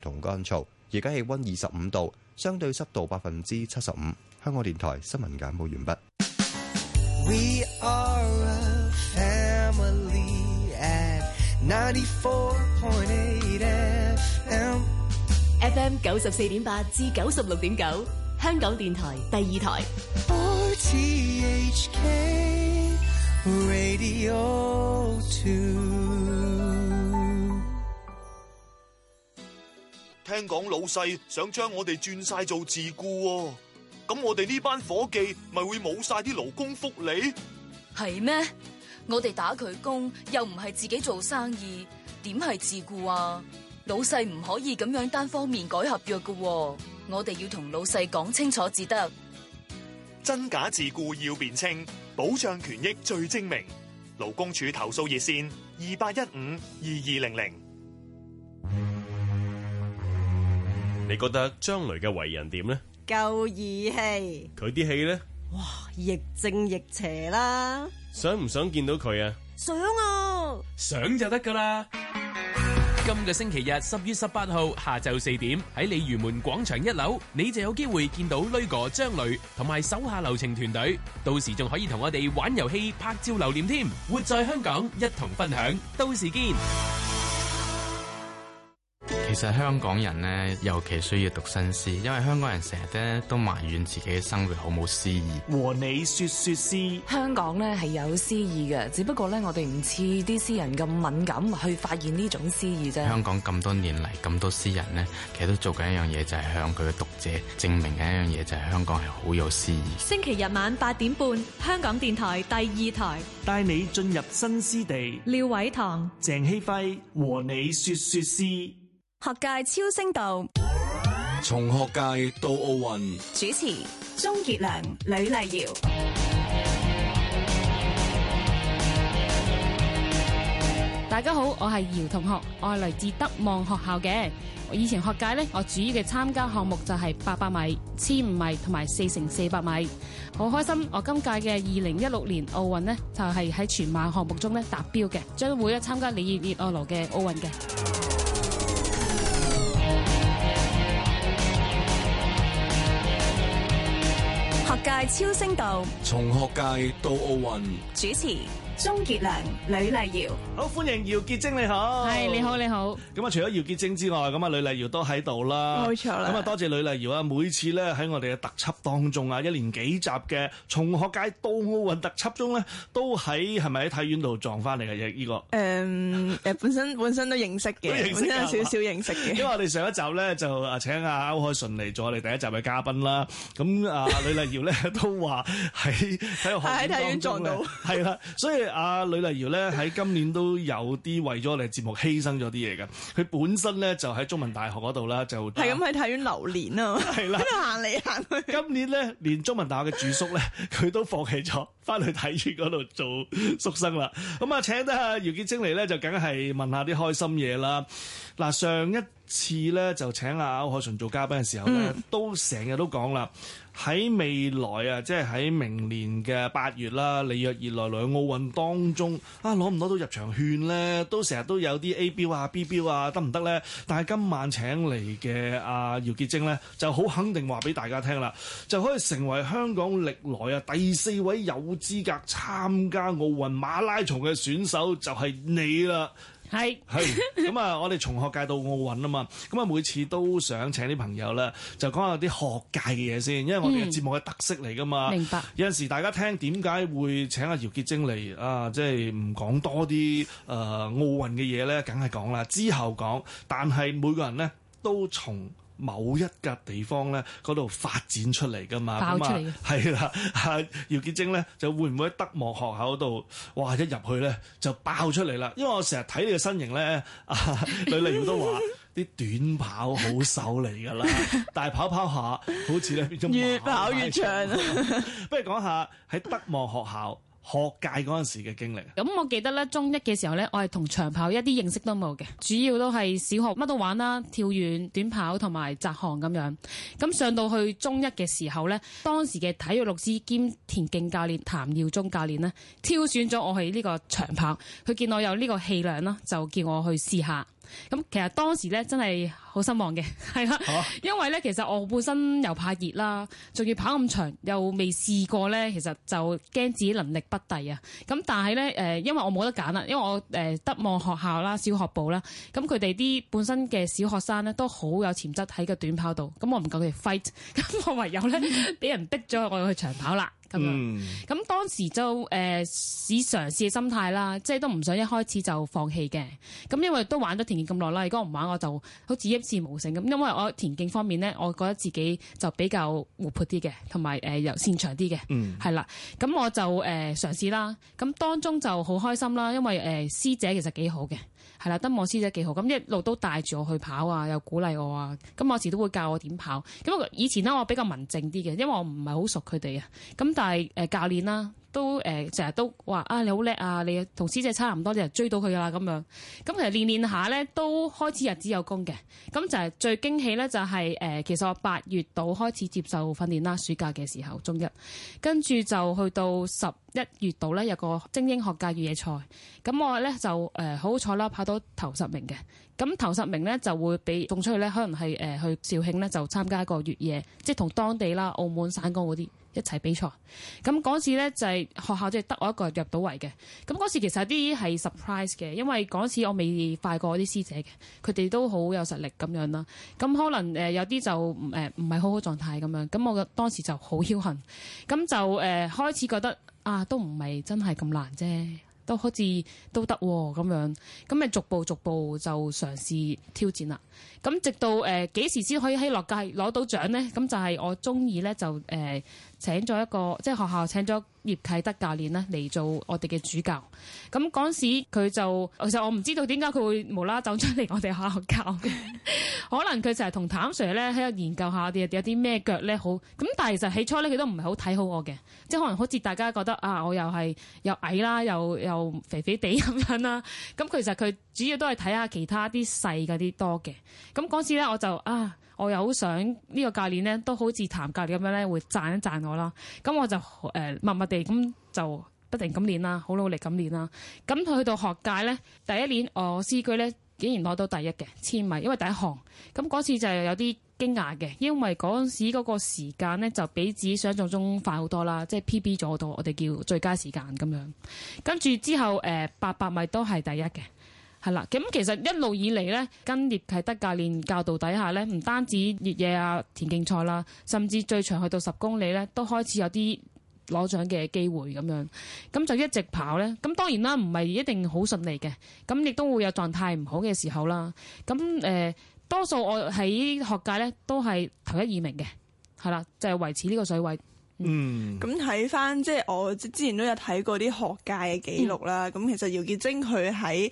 同乾燥，而家氣溫二十五度，相對濕度百分之七十五。香港電台新聞簡報完畢。FM 九十四點八至九十六點九，香港電台第二台。聽講老細想將我哋轉晒做自雇，咁我哋呢班伙計咪會冇晒啲勞工福利？係咩？我哋打佢工又唔係自己做生意，點係自雇啊？老細唔可以咁樣單方面改合約㗎喎，我哋要同老細講清楚至得。真假自雇要辨清，保障權益最精明。勞工處投訴熱線二八一五二二零零。你覺得張雷嘅為人點呢？夠義氣。佢啲戲呢，哇，亦正亦邪啦。想唔想見到佢啊？想啊！想就得噶啦。今個星期日十月十八號下晝四點喺鯉魚門廣場一樓，你就有機會見到雷哥張雷同埋手下留情團隊。到時仲可以同我哋玩遊戲、拍照留念添。活在香港，一同分享。到時見。其實香港人咧，尤其需要讀新詩，因為香港人成日咧都埋怨自己嘅生活好冇詩意。和你說說詩，香港咧係有詩意嘅，只不過咧我哋唔似啲詩人咁敏感去發現呢種詩意啫。香港咁多年嚟咁多詩人咧，其實都做緊一樣嘢，就係向佢嘅讀者證明緊一樣嘢，就係香港係好有詩意。星期日晚八點半，香港電台第二台帶你進入新詩地，廖偉棠、鄭希輝和你說說詩。學界超聲道，從學界到奧運，主持鍾傑良、呂麗瑤，瑤。大家好，我係姚同學，我係來自德望學校嘅。我以前學界呢，我主要嘅參加項目就係八百米、千五米同埋四乘四百米。好開心，我今屆嘅二零一六年奧運呢，就係、是、喺全馬項目中呢達標嘅，將會咧參加里約熱內盧嘅奧運嘅。界超聲道，從學界到奧運主持。鍾傑良、呂麗瑤，好歡迎姚潔貞，你好，係你好，你好。咁啊，除咗姚潔貞之外，咁啊，呂麗瑤都喺度啦，冇錯啦。咁啊，多謝呂麗瑤啊，每次咧喺我哋嘅特輯當中啊，一連幾集嘅從學界到奧運特輯中咧，都喺係咪喺體院度撞返嚟？係亦呢個誒誒，本身本身都認識嘅，本身有少少認識嘅。因為我哋上一集咧就啊請阿歐鎧淳嚟做我哋第一集嘅嘉賓啦。咁啊呂麗瑤咧都話喺喺喺體院撞到，係啦，所以。阿呂麗瑤咧喺今年都有啲為咗我哋節目犧牲咗啲嘢嘅，佢本身咧就喺中文大學嗰度、啊、啦，就係咁喺睇完流連啊，係啦行嚟行去。今年咧，連中文大學嘅住宿咧，佢都放棄咗。翻去睇住度做宿生啦，咁啊請得阿姚潔貞嚟咧，就梗係問下啲開心嘢啦。嗱，上一次咧就請阿歐海純做嘉賓嘅時候咧，嗯、都成日都講啦，喺未來啊，即係喺明年嘅八月啦，里約熱內盧奧運當中，啊攞唔攞到入場券咧，都成日都有啲 A 標啊 B 標啊得唔得咧？但係今晚請嚟嘅阿姚潔貞咧，就好肯定話俾大家聽啦，就可以成為香港歷來啊第四位有資格參加奧運馬拉松嘅選手就係你啦，係是，咁啊，我哋從學界到奧運啊嘛，咁啊每次都想請啲朋友啦，就講下啲學界嘅嘢先，因為我哋嘅節目嘅特色嚟噶嘛，嗯、明白有陣時大家聽點解會請阿姚潔貞嚟啊？即係唔講多啲誒奧運嘅嘢咧，梗係講啦，之後講，但係每個人咧都從。某一格地方咧，嗰度發展出嚟噶嘛，咁啊，係啦、啊，姚潔貞咧就會唔會喺德望學校嗰度，哇！一入去咧就爆出嚟啦，因為我成日睇你嘅身形咧，例、啊、如都話啲 短跑好手嚟㗎啦，但係跑跑下好似咧越跑越長。不如講下喺德望學校。學界嗰陣時嘅經歷，咁我記得咧，中一嘅時候呢，我係同長跑一啲認識都冇嘅，主要都係小學乜都玩啦，跳遠、短跑同埋擲項咁樣。咁上到去中一嘅時候呢，當時嘅體育老師兼田徑教練譚耀忠教練呢，挑選咗我喺呢個長跑，佢見我有呢個氣量啦，就叫我去試下。咁其實當時咧真係好失望嘅，係啦，因為咧其實我本身又怕熱啦，仲要跑咁長，又未試過咧，其實就驚自己能力不逮啊。咁但係咧，誒，因為我冇得揀啦，因為我誒德望學校啦，小學部啦，咁佢哋啲本身嘅小學生咧都好有潛質喺個短跑度，咁我唔夠佢哋 fight，咁我唯有咧俾人逼咗我要去長跑啦。咁、嗯、樣，咁當時就誒試、呃、嘗試嘅心態啦，即係都唔想一開始就放棄嘅。咁因為都玩咗田徑咁耐啦，如果唔玩我就好似一事無成咁。因為我田徑方面咧，我覺得自己就比較活潑啲嘅，同埋誒又擅長啲嘅，係、嗯、啦。咁我就誒、呃、嘗試啦。咁當中就好開心啦，因為誒、呃、師姐其實幾好嘅。係啦，德望師姐幾好，咁一路都帶住我去跑啊，又鼓勵我啊，咁有時都會教我點跑。咁以前呢，我比較文靜啲嘅，因為我唔係好熟佢哋啊。咁但係誒教練啦。都誒，成、呃、日都話啊，你好叻啊，你同師姐差唔多，你就追到佢啦咁樣。咁其實練練下咧，都開始日子有功嘅。咁就係最驚喜咧，就、呃、係其實我八月度開始接受訓練啦，暑假嘅時候，中一，跟住就去到十一月度咧，有個精英學界越野賽，咁我咧就好好彩啦，跑、呃、到頭十名嘅。咁頭十名咧就會俾送出去咧，可能係、呃、去肇慶咧就參加一個越野，即係同當地啦、澳門、散江嗰啲一齊比賽。咁嗰次咧就係、是、學校即係得我一個入到圍嘅。咁嗰時其實有啲係 surprise 嘅，因為嗰時我未快過啲師姐嘅，佢哋都好有實力咁樣啦。咁可能誒有啲就誒唔係好好狀態咁樣。咁我當時就好僥幸，咁就誒、呃、開始覺得啊都唔係真係咁難啫。都好似都得喎咁樣，咁咪逐步逐步就嘗試挑戰啦。咁直到呃、幾時先可以喺學界攞到獎咧？咁就係我中意咧，就誒、呃、請咗一個，即係學校請咗，葉啟德教練咧嚟做我哋嘅主教，咁嗰時佢就其實我唔知道點解佢會無啦啦走出嚟我哋學校教的，嘅。 可能佢成日同譚 Sir 咧喺度研究一下啲有啲咩腳咧好，咁但係其實起初咧佢都唔係好睇好我嘅，即係可能好似大家覺得啊我又係又矮啦，又又肥肥地咁樣啦，咁其實佢主要都係睇下其他啲細嗰啲多嘅，咁嗰時咧我就啊我又好想呢個教練咧都好似譚教練咁樣咧會讚一讚我啦，咁我就誒、呃、默默。咁就不停咁練啦，好努力咁練啦。咁去到學界呢，第一年我師姐呢竟然攞到第一嘅千米，因為第一行。咁嗰次就有啲驚訝嘅，因為嗰陣時嗰個時間呢就比自己想象中快好多啦，即係 PB 咗好多，我哋叫最佳時間咁樣。跟住之後誒八百米都係第一嘅，係啦。咁其實一路以嚟呢，跟葉啟德教練教導底下呢，唔單止越野啊田徑賽啦，甚至最長去到十公里呢，都開始有啲。攞獎嘅機會咁樣，咁就一直跑咧。咁當然啦，唔係一定好順利嘅，咁亦都會有狀態唔好嘅時候啦。咁誒、呃，多數我喺學界咧都係頭一二名嘅，係啦，就係、係、維持呢個水位。嗯，咁睇翻即係我之前都有睇過啲學界嘅記錄啦。咁、嗯、其實姚潔貞佢喺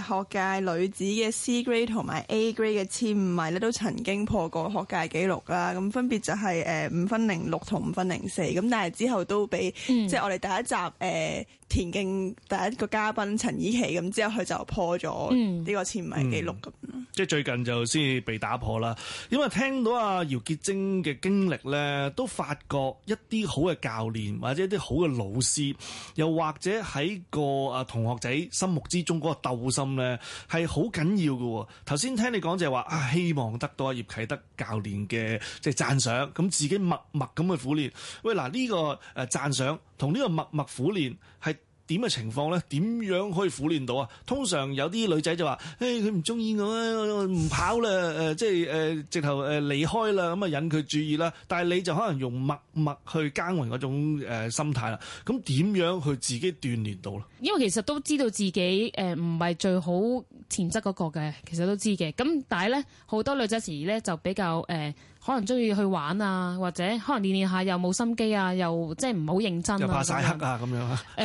學界女子嘅 C grade 同埋 A grade 嘅千米咧，都曾經破過學界記錄啦。咁分別就係誒五分零六同五分零四。咁但係之後都俾即係我哋第一集誒、呃、田徑第一個嘉賓陳以琪咁之後，佢就破咗呢個千米記錄咁、嗯嗯。即係最近就先至被打破啦。因為聽到阿姚潔貞嘅經歷咧，都發覺。一啲好嘅教練或者一啲好嘅老師，又或者喺個啊同學仔心目之中嗰個鬥心咧，係好緊要㗎。頭先聽你講就係話啊，希望得到阿葉啟德教練嘅即係讚賞，咁自己默默咁去苦練。喂，嗱、這、呢個誒讚賞同呢個默默苦練係，點嘅情況咧？點樣可以苦練到啊？通常有啲女仔就話，誒佢唔中意咁我，唔跑啦，誒、呃、即係誒、呃、直頭誒離開啦，咁啊引佢注意啦。但係你就可能用默默去耕耘嗰種、呃、心態啦。咁點樣去自己鍛煉到咧？因為其實都知道自己誒唔係最好潛質嗰、嗰個嘅，其實都知嘅。咁但係咧，好多女仔時咧就比較誒。呃可能中意去玩啊，或者可能練練下又冇心機啊，又即係唔好認真、啊，又怕晒黑啊咁樣啊？誒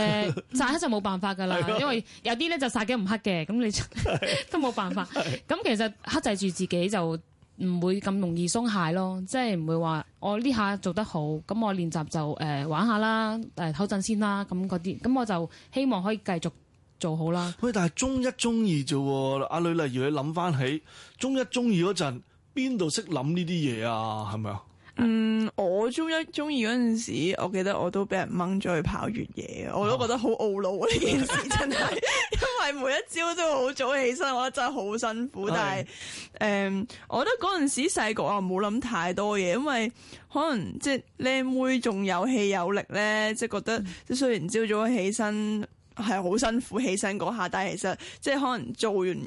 晒、呃、黑就冇辦法㗎啦， 因為有啲咧 就晒幾唔黑嘅，咁你 都冇辦法。咁 其實克制住自己就唔會咁容易鬆懈咯，即係唔會話我呢下做得好，咁我練習就誒、呃、玩下啦，誒唞陣先啦，咁嗰啲，咁我就希望可以繼續做好啦。喂，但係中一中二啫喎、啊，阿女例如你諗翻起中一中二嗰陣。邊度識諗呢啲嘢啊？係咪啊？嗯，我中一中二嗰陣時，我記得我都俾人掹咗去跑越野，我都覺得好懊惱呢件事，真係，因為每一朝都好早起身，我覺得真係好辛苦。但係，誒是的、嗯，我覺得嗰陣時細個啊，冇諗太多嘢，因為可能即係靚妹仲有氣有力咧，即係覺得即雖然朝早起身係好辛苦起，起身嗰下，但係其實即係可能做完。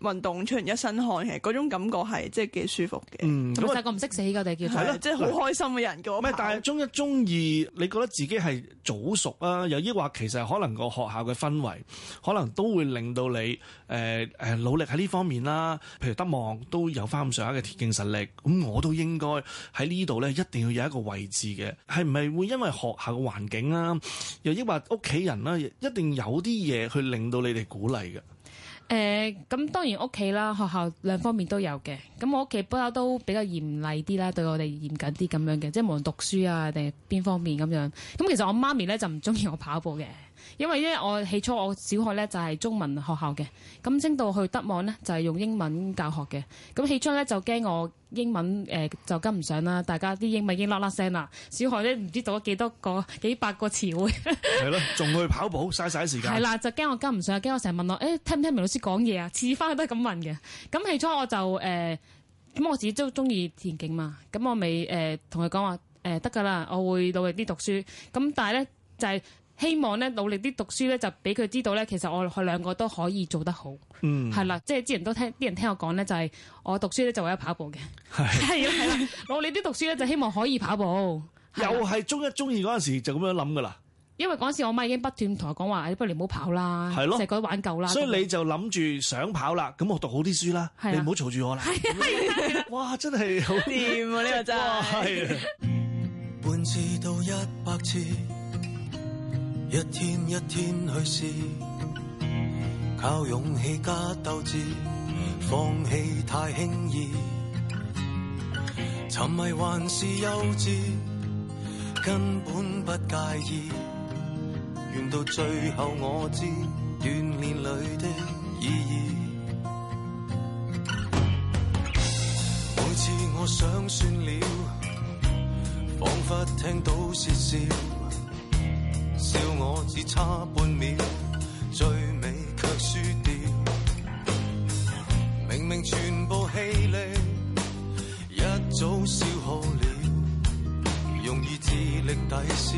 運動出完一身汗嘅嗰種感覺係即係幾舒服嘅。嗯，咁細個唔識死㗎，我哋叫做係咯，即係好開心嘅人嘅。咩的？但係中一中二，你覺得自己係早熟啦、啊？又抑或其實可能個學校嘅氛圍，可能都會令到你誒誒、呃、努力喺呢方面啦、啊。譬如德望都有翻咁上下嘅田徑實力，咁我都應該喺呢度咧，一定要有一個位置嘅。係咪會因為學校嘅環境啦、啊？又抑或屋企人啦？一定有啲嘢去令到你哋鼓勵嘅。誒，咁、呃、當然屋企啦、學校兩方面都有嘅。咁我屋企不嬲都比較嚴厲啲啦，對我哋嚴謹啲咁樣嘅，即係無論讀書啊定邊方面咁樣。咁其實我媽咪咧就唔中意我跑步嘅。因為咧，我起初我小學咧就係中文學校嘅，咁升到去德望咧就係用英文教學嘅。咁起初咧就驚我英文誒就跟唔上啦。大家啲英文已經啦啦聲啦，小學咧唔知讀咗幾多個幾百個詞彙係咯，仲去跑步，嘥晒啲時間係啦，就驚我跟唔上，驚我成日問我誒聽唔聽明老師講嘢啊？次次翻去都係咁問嘅。咁起初我就誒咁、呃、我自己都中意田徑嘛，咁我咪誒同佢講話誒得噶啦，我會努力啲讀書。咁但係咧就係、是。希望咧努力啲讀書咧，就俾佢知道咧，其實我我兩個都可以做得好，嗯是，係啦，即係之前都聽，啲人聽我講咧，就係、是、我讀書咧就為咗跑步嘅，係啊的，係啦， 努力啲讀書咧就希望可以跑步，是又係中一中二嗰陣時候就咁樣諗噶啦，因為嗰陣時候我媽已經不斷同我講話，不如你唔好跑啦，係咯的，成個玩夠啦，所以你就諗住想跑啦，咁我讀好啲書啦，的你唔好嘈住我啦，係啊的，哇，真係好掂啊，呢個真係。一天一天去試，靠勇氣加鬥志，放棄太輕易，沉迷還是幼稚，根本不介意，原來最後我知鍛煉裏的意義。每次我想算了，仿佛聽到竊笑。笑我只差半秒，最尾卻輸掉。明明全部氣力一早消耗了，用意志力抵消，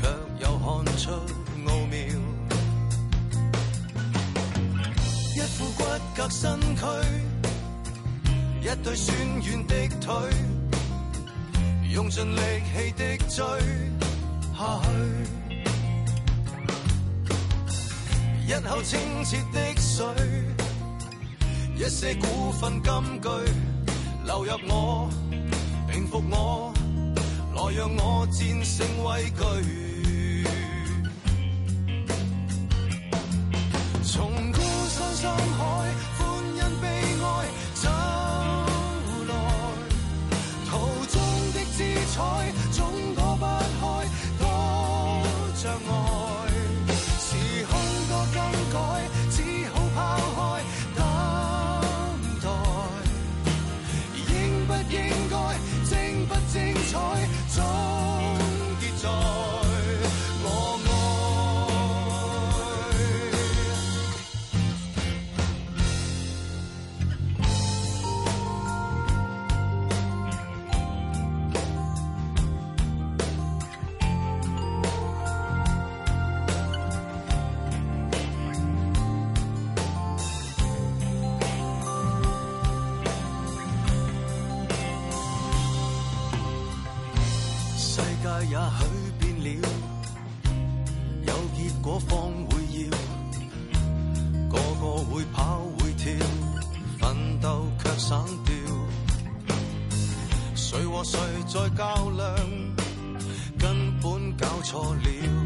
卻又看出奧妙。一副骨骼身軀，一對酸軟的腿，用盡力氣的追下去。一口清澈的水，一些古訓金句，流入我，平復我，來讓我戰勝畏懼。也許變了，有結果方會要，個個會跑會跳，奮鬥却省掉。誰和誰在較量？根本搞錯了，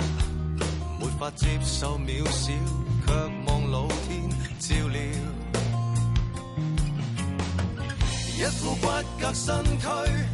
沒法接受渺小，却望老天照料。一副骨骼身軀。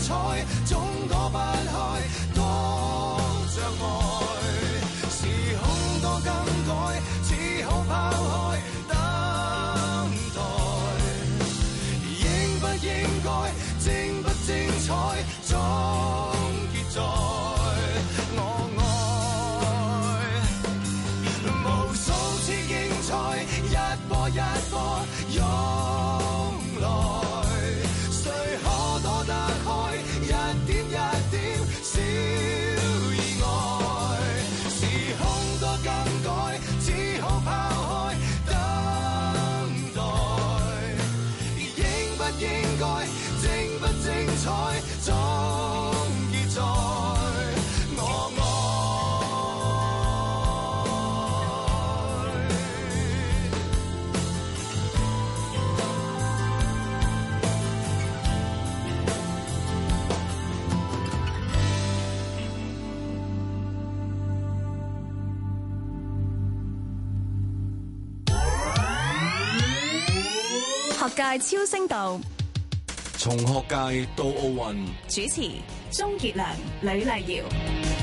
彩總躲不開。 超聲道，從學界到奧運，主持鍾傑良、呂麗瑤。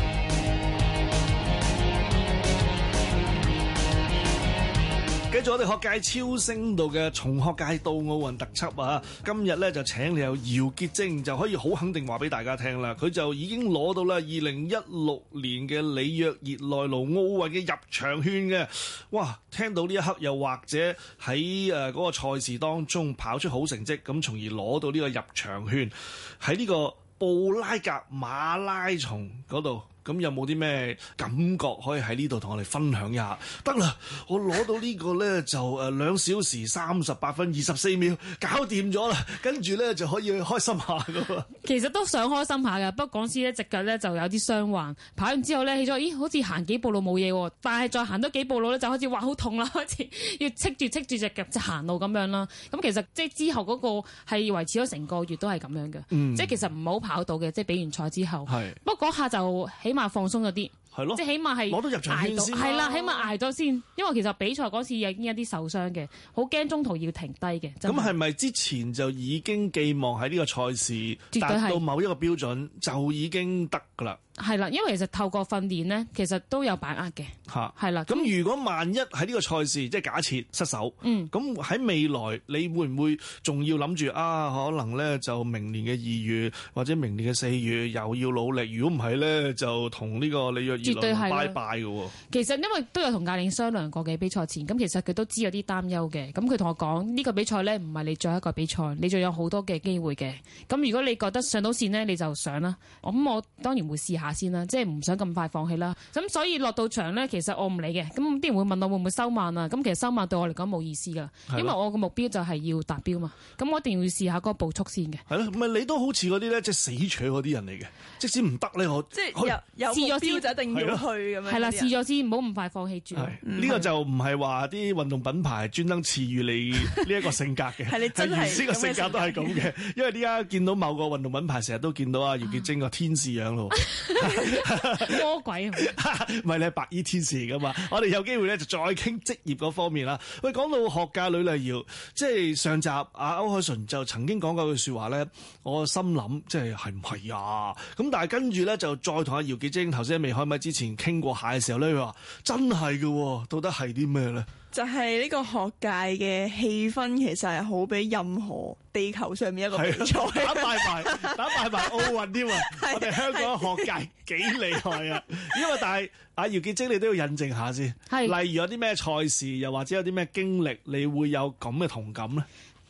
做我哋學界超星度嘅從學界到奧運特輯啊！今日咧就請你有姚潔貞，就可以好肯定話俾大家聽啦。佢就已經攞到啦，二零一六年嘅里約熱內盧奧運嘅入場券嘅。哇！聽到呢一刻，又或者喺誒嗰個賽事當中跑出好成績，咁從而攞到呢個入場券，喺呢個布拉格馬拉松嗰度。咁有冇啲咩感覺可以喺呢度同我哋分享一下？得啦，我攞到個呢個咧就誒兩小時三十八分二十四秒，搞掂咗啦。跟住咧就可以開心下噶喎。其實都想開心下㗎，不過講真咧，隻腳咧就有啲傷患。跑完之後咧，起咗，咦？好似行幾步路冇嘢喎，但係再行多幾步路咧，就開始話好痛啦，開始要戚住戚住隻腳就行路咁樣啦。咁其實即係之後嗰個係維持咗成個月都係咁樣嘅、嗯。即係其實唔好跑到嘅，即係比完賽之後。係，是 不過嗰下就起碼放鬆咗啲，係咯，即係起碼係捱到，攞到入場，係、啊、啦，起碼捱咗先。因為其實比賽嗰次已經有啲受傷嘅，好驚中途要停低嘅。咁係咪之前就已經寄望喺呢個賽事達到某一個標準就已經得㗎喇？係啦，因為其實透過訓練呢，其實都有把握嘅。吓、啊，係啦了。咁如果萬一喺呢個賽事，即係假設失手，咁喺、嗯、未來你會唔會仲要諗住啊？可能咧就明年嘅二月或者明年嘅四月又要努力。如果唔係咧，就同呢個里約絕對係拜拜嘅。其實因為都有同教練商量過嘅比賽前，咁其實佢都知有啲擔憂嘅。咁佢同我講呢、這個比賽咧唔係你最後一個比賽，你仲有好多嘅機會嘅。咁如果你覺得上到線呢，你就上啦。咁我當然會試下。先啦、啊，即係唔想咁快放棄啦、啊。咁所以落到場咧，其實我唔理嘅。咁啲人會問我會唔會收慢啊？咁其實收慢對我嚟講冇意思噶，因為我個目標就係要達標嘛。咁我一定要試下嗰個步速先嘅。係咯，唔係你都好似嗰啲咧，即係死扯嗰啲人嚟嘅。即使唔得咧，我即係有試咗先就一定要去咁樣。係啦的，試咗先，唔好咁快放棄住。呢、嗯、的個就唔係話啲運動品牌專登賜予你呢一個性格嘅。係 你真係呢個性格都係咁嘅， 因為而家見到某個運動品牌成日都見到阿姚潔貞個天使樣咯。 魔鬼唔係 你白衣天使嚟噶嘛？我哋有機會咧就再傾職業嗰方面啦。喂，講到學界女麗瑤，即係上集阿歐海純就曾經講過句說話咧，我心諗即係係唔係啊？咁但係跟住咧就再同阿姚潔貞頭先未開咪之前傾過下嘅時候咧，佢話真係喎，到底係啲咩咧？就係呢個學界嘅氣氛，其實係好比任何地球上面一個比賽、啊、打敗埋 打敗埋奧運添啊！ 我哋香港嘅學界幾厲害啊！ 因為但係，阿、啊、姚潔貞，你都要印證下先。是例如有啲咩賽事，又或者有啲咩經歷，你會有咁嘅同感咧？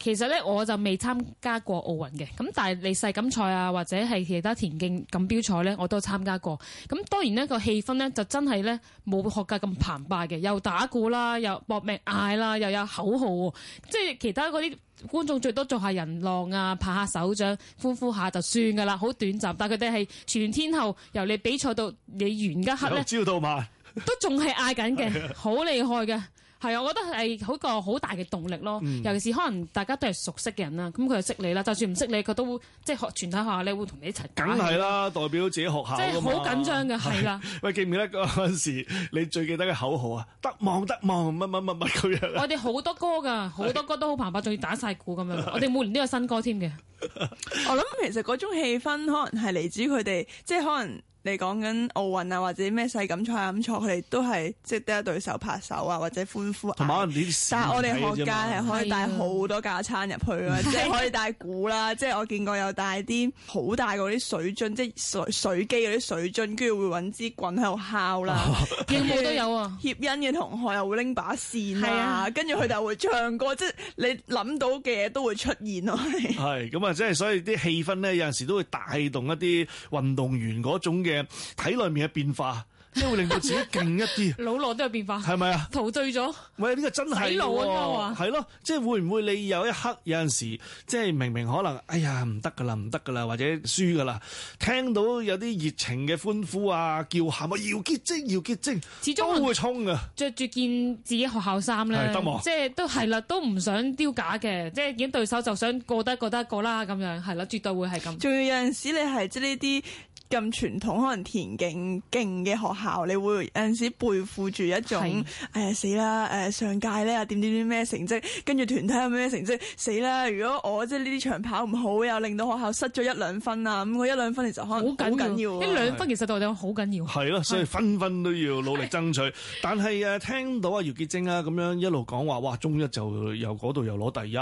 其實咧，我就未參加過奧運嘅，咁但係你世錦賽啊，或者係其他田徑錦標賽咧，我都參加過。咁當然呢個氣氛咧就真係咧冇學界咁澎湃嘅，又打鼓啦，又搏命嗌啦，又有口號啊，即係其他嗰啲觀眾最多做下人浪啊，拍下手掌，呼呼下就算噶啦，好短暫。但係佢哋係全天候由你比賽到你完一刻咧，由朝到晚都仲係嗌緊嘅，好 的厲害嘅。係啊，我覺得係好一個好大嘅動力咯。尤其是可能大家都係熟悉嘅人啦，咁佢、嗯、就識你啦。就算唔識你，佢都即係學全體學校，你會同你一齊。梗係啦，代表自己學校。即係好緊張㗎，係啦。喂，記唔記得嗰陣時你最記得嘅口號啊？得望得望，乜乜乜乜。我哋好多歌㗎，好多歌都好澎湃，仲要打晒鼓咁樣。的我哋每年都有新歌添嘅。 我諗其實嗰種氣氛，可能係嚟自佢哋，即係可能。你講緊奧運啊，或者咩世錦賽、亞錦賽，佢哋都係即係得一對手拍手啊，或者歡呼。同埋你，但係我哋學界係可以帶好多架撐入去啊，即係可以帶鼓啦， 即係我見過有帶啲好大嗰啲水樽，即係水水機嗰啲水樽，跟住會搵支棍喺度敲啦。跳到、哦、都有啊，協恩嘅同學又會拎把扇啊，跟住佢哋會唱歌，啊、即係你諗到嘅嘢都會出現咯。係咁啊，即係 所以啲氣氛咧，有陣時都會帶動一啲運動員嗰種嘅。嘅體裏面嘅變化，即係會令到自己勁一啲。 老羅都有變化，係咪、這個、啊？陶醉咗，喂話，呢個真係。起老啊嘛，係咯，即係會唔會你有一刻有陣時，即係明明可能，哎呀唔得噶啦，唔得噶啦，或者輸噶啦，聽到有啲熱情嘅歡呼啊、叫喊啊，姚潔貞，姚潔貞。結始終都會衝啊，着住件自己學校衫咧，是即係都係啦，都唔想丟架嘅，即係見對手就想過得過得過啦，咁樣係啦，絕對會係咁。仲要有陣時你係即呢啲。咁傳統，可能田徑勁嘅學校，你會有陣時背負住一種死啦是、呃呃、上屆咧點點點咩成績，跟住團體有咩成績死啦！如果我即係呢啲長跑唔好，又令到學校失咗一兩分，那個、一兩分啊！咁我一兩分其實可能好緊要，一兩分其實對我好緊要。係咯是、啊，所以分分都要努力爭取。是但係誒、啊、聽到阿、啊、姚潔貞啊咁樣一路講話，哇！中一就由嗰度又攞第一，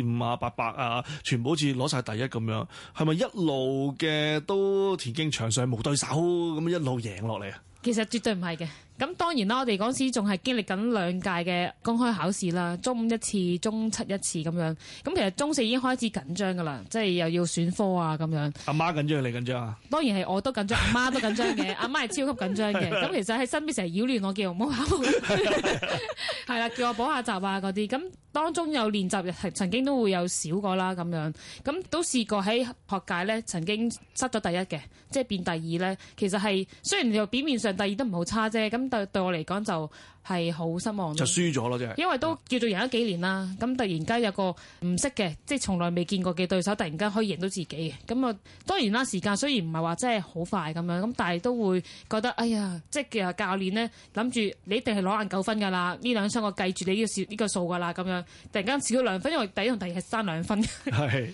千五啊八百啊，全部好似攞晒第一咁樣，係咪一路嘅都田徑？場上冇對手，咁一路贏落嚟啊！其實絕對唔係嘅。咁當然啦，我哋嗰時仲係經歷緊兩屆嘅公開考試啦，中五一次、次中七一次咁樣。咁其實中四已經開始緊張㗎喇，即係又要選科啊咁樣。阿媽緊張，你緊張啊？當然係我都緊張，阿媽，媽都緊張嘅。阿 媽係超級緊張嘅。咁 其實喺身邊成日擾亂我，叫唔好考，係啦， 叫我補下習啊嗰啲。咁當中有練習，曾經都會有少過啦咁樣。咁都試過喺學界咧，曾經失咗第一嘅，即係變第二咧。其實係雖然又表面上第二都唔好差啫，咁。對我嚟講就係好失望，就輸咗咯，即因為都叫做贏咗幾年啦。咁突然間有個唔識嘅，即係從來未見過嘅對手，突然間可以贏到自己嘅。咁啊，當然啦，時間雖然唔係話真係好快咁樣，咁但係都會覺得哎呀，即係其實教練呢，諗住你一定係攞硬九分噶啦，呢兩場我計住你呢個呢、呢個數噶啦，咁樣突然間少咗兩分，因為第一同第二係差兩分的，係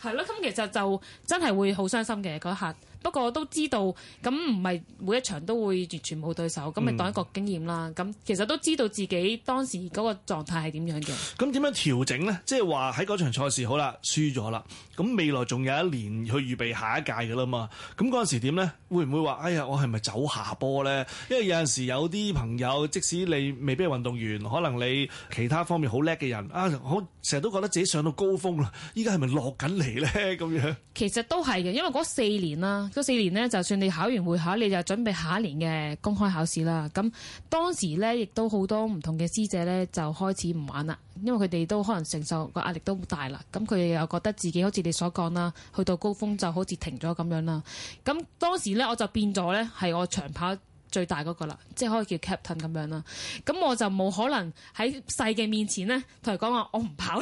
係咯。咁其實就真係會好傷心嘅嗰一刻。不過都知道咁唔係每一場都會完全冇對手，咁咪當一個經驗啦。咁、嗯、其實都知道自己當時嗰個狀態係點樣嘅。咁點樣調整呢？即係話喺嗰場賽事好啦，輸咗啦。咁未來仲有一年去預備下一屆嘅啦嘛。咁嗰陣時點呢？會唔會話「哎呀，我係咪走下坡呢？」因為有陣時有啲朋友，即使你未必係運動員，可能你其他方面好叻嘅人啊，我成日都覺得自己上到高峰啦，依家係咪落緊嚟呢？咁樣其實都係嘅，因為嗰四年啦。嗰四年呢，就算你考完會考，你就準備下一年嘅公開考試啦。咁當時呢，亦都好多唔同嘅師姐呢，就開始唔玩啦，因為佢哋都可能承受個壓力都好大啦。咁佢又覺得自己好似你所講啦，去到高峰就好似停咗咁樣啦。咁當時呢，我就變咗呢，係我長跑。最大嗰個啦，即係可以叫 captain 咁樣啦。咁我就冇可能喺細嘅面前咧，同佢講話我唔跑，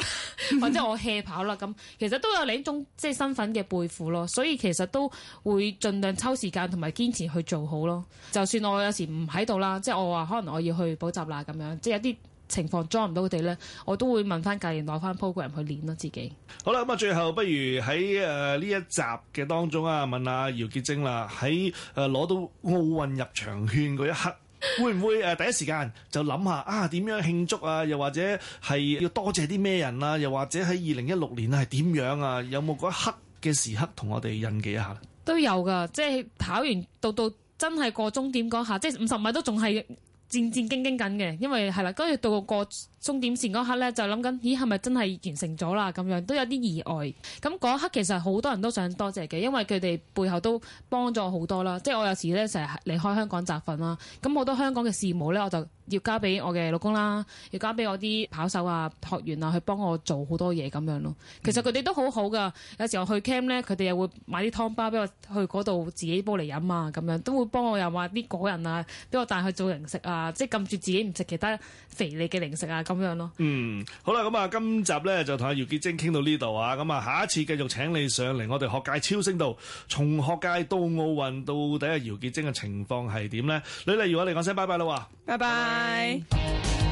或者我 hea 跑啦。咁 其實都有另一種即係身份嘅背負咯。所以其實都會盡量抽時間同埋堅持去做好咯。就算我有時唔喺度啦，即係我話可能我要去補習啦咁樣，即係有啲情況裝唔到佢哋咧，我都會問翻教練攞翻 program 去練咯，自己。好啦，咁啊，最後不如喺誒呢一集嘅當中啊，問下姚潔貞啦，啊，喺誒攞到奧運入場券嗰一刻， 會唔會誒第一時間就諗下啊點樣慶祝啊？又或者係要多謝啲咩人啊？又或者喺二零一六年係點樣啊？有冇嗰一刻嘅時刻同我哋印記一下？都有㗎，即係跑完到到真係過終點嗰下，即係五十米都仲係。戰戰兢兢緊嘅，因為係啦，跟住、就是、到個終點線嗰刻咧，就諗緊咦係咪真係完成咗啦？咁樣都有啲意外。咁嗰一刻其實好多人都想多謝嘅，因為佢哋背後都幫咗我好多啦。即係我有時咧成日離開香港集訓啦，咁好多香港嘅事務咧，我就要交俾我嘅老公啦，要交俾我啲跑手啊、學員啊去幫我做好多嘢咁樣咯。嗯、其實佢哋都好好噶。有時候去 camp 咧，佢哋又會買啲湯包俾我去嗰度自己煲嚟飲啊。咁樣都會幫我又話啲果仁啊，俾我帶去做零食啊。即係撳住自己唔食其他肥膩嘅零食啊。咁樣咯，嗯，好啦，咁啊，今集咧就同阿姚潔貞傾到呢度啊，咁啊，下一次繼續請你上嚟我哋學界超聲度，從學界到奧運，到底阿姚潔貞嘅情況係點咧？呂麗瑤，我哋講聲拜拜啦喎，拜拜。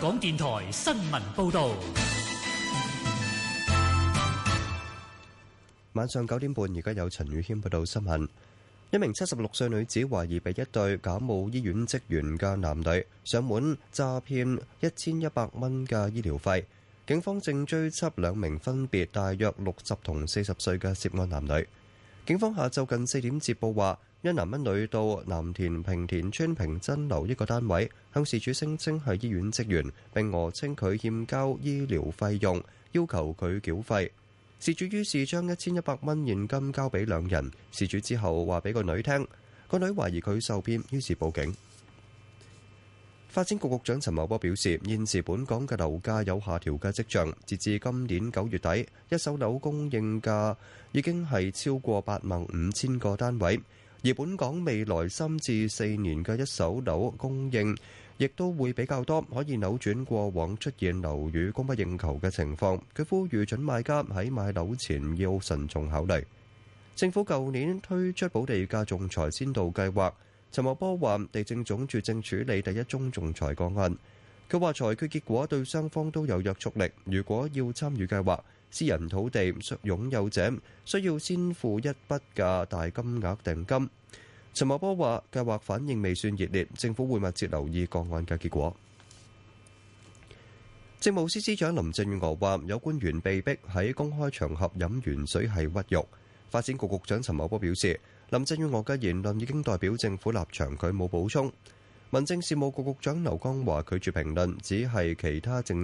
港電台新聞報道，晚上九點半，而家有陳宇謙報道新聞。一名七十六歲女子懷疑被一對假冒醫院職員嘅男女上門詐騙一千一百蚊嘅醫療費，警方正追緝兩名分別大約六十同四十歲嘅涉案男女。警方下晝近四點接報話。一男一女到藍田平田村平真樓一個單位，向事主聲稱係醫院職員，並訛稱佢欠交醫療費用，要求佢繳費。事主於是將一千一百蚊現金交俾兩人。事主之後話俾個女聽，個女懷疑佢受騙，於是報警。發展局局長陳茂波表示，現時本港嘅樓價有下調嘅跡象。截至今年九月底，一手樓供應價已經係超過八萬五千個單位。而本港未來三至四年嘅一手樓供應，亦都會比較多，可以扭轉過往出現樓宇供不應求嘅情況。佢呼籲準買家喺買樓前要慎重考慮。政府舊年推出保地價仲裁先導計劃，陳茂波話地政總署正處理第一宗仲裁個案。佢話裁決結果對雙方都有約束力，如果要參與計劃，私人土地擁有者需要先付一筆嘅大金額定金。陳茂波話：計劃反應未算熱烈，政府會密切留意個案嘅結果。政務司司長林鄭月娥話：有官員被逼喺公開場合飲完水係屈辱。發展局局長陳茂波表示：林鄭月娥嘅言論已經代表政府立場，佢冇補充。民政事務局局長劉江華拒絕評論，只係其他政。